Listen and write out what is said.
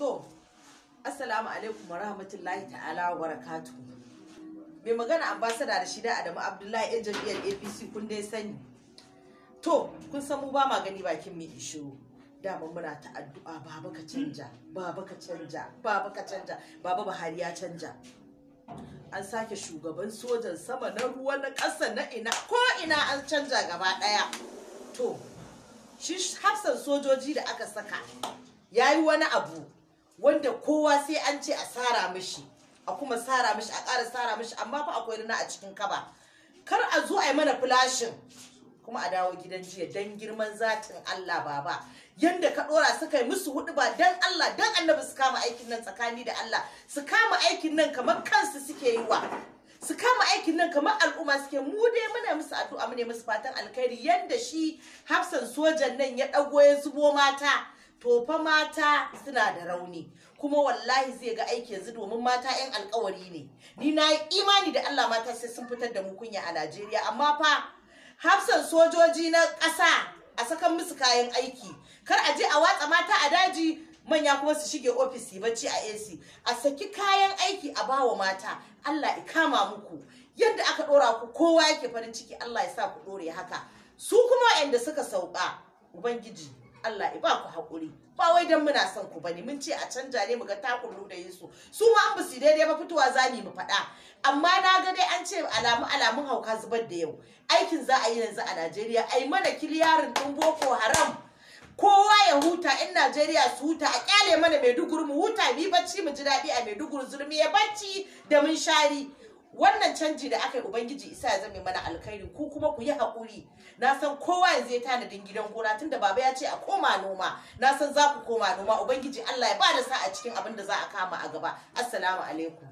To, Assalamu alaikum wa rahmatullahi ta'ala wa barakatuh. Mai magana ambasada da shida Adamu Abdullahi yan jam'iyyar APC kun dai sani. To, kun san mu ba ma gani bakin mai isho. Dama muna ta addu'a baba ka canja, baba ka canja, baba ka canja, baba Buhari ya canja. An sake shugaban sojan sama na ruwa na ƙasa na ina ko ina an canja gaba ɗaya. To, shi hafsan sojoji da aka saka ya yi wani abu wanda kowa sai an ce a sara mishi a kuma sara mishi a ƙara sara mishi amma fa akwai rana a cikin kaba kar a zo a yi mana filashin kuma a dawo gidan jiya don girman zatin Allah baba yanda ka dora suka yi musu hudu ba dan Allah dan annabi su kama aikin nan tsakani da Allah su kama aikin nan kamar kansu suke yi wa su kama aikin nan kamar al'umma suke mu dai muna musu addu'a mu ne musu fatan alkhairi yanda shi hafsan sojan nan ya dago ya zubo mata Tofa mata suna da rauni kuma wallahi zai ga aiki yanzu domin mata 'yan alkawari ne ni na yi imani da Allah mata sai sun fitar da mu kunya a Najeriya amma fa hafsan sojoji na ƙasa a sakan musu kayan aiki kar a je a watsa mata a daji manya kuma su shige ofisi bacci a AC a saki kayan aiki a ba wa mata Allah ya kama muku yadda aka dora ku kowa yake farin ciki Allah ya sa ku dore haka su kuma waɗanda suka sauka ubangiji Allah ya ba ku haƙuri ba wai dan muna son ku bane mun ce a canja ne mu ga takullu da yinsu su ma an busi daidai ba fitowa zani mu faɗa amma na ga dai an ce alamu alamun hauka zubar da yau aikin za a yi yanzu a Najeriya ai mana kiliyarin ɗin boko haram kowa ya huta in Najeriya su huta a kyale mana Maiduguri mu huta bi bacci mu ji daɗi a Maiduguri zulmi ya bacci da mun shari wannan canji da aka yi ubangiji isa ya zame mana alkhairi ku kuma ku yi haƙuri na san kowa yanzu ya tanadin gidan gona tunda baba ya ce a koma noma na san za ku koma noma ubangiji allah ya ba da sa cikin abin da za a kama a gaba assalamu alaikum